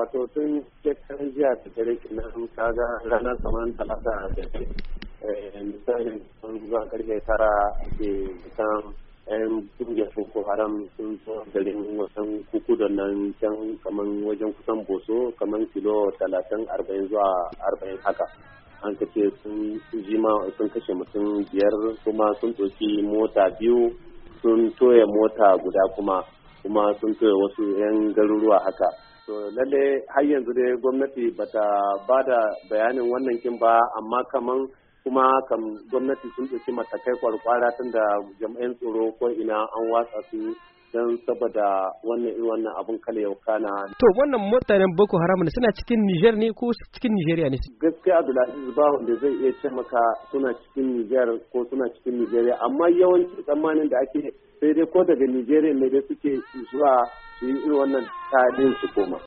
wato tun shekaran jiya da dare kenan kaga ranar kamar talata da ke eh, misalin sun zuwa karfe tara ke kan yan eh, kungiyar boko haram sun zo garin wasan kuku da nan can kamar wajen kusan boso kamar kilo talatin arba'in zuwa arba'in haka an ce sun jima sun kashe mutum biyar kuma sun ɗauki mota biyu sun toya mota guda kuma kuma sun kai wasu 'yan garuruwa haka to lalle har yanzu dai gwamnati bata ba da bayanin wannan kin ba amma kamar kuma kam gwamnati sun ɗauki matakai kwarkwara tun da jam'an tsoro ko ina an watsa su don saboda wannan wannan abun kala yau kana. To wannan mutanen Boko Haram ne suna cikin Niger ne ko cikin Nigeria ne? Gaskiya Abdulaziz ba wanda zai iya ce maka suna cikin Niger ko suna cikin Nigeria amma yawanci tsammanin da ake sai dai ko daga Nigeria ne dai suke zuwa su yi wannan talin su koma.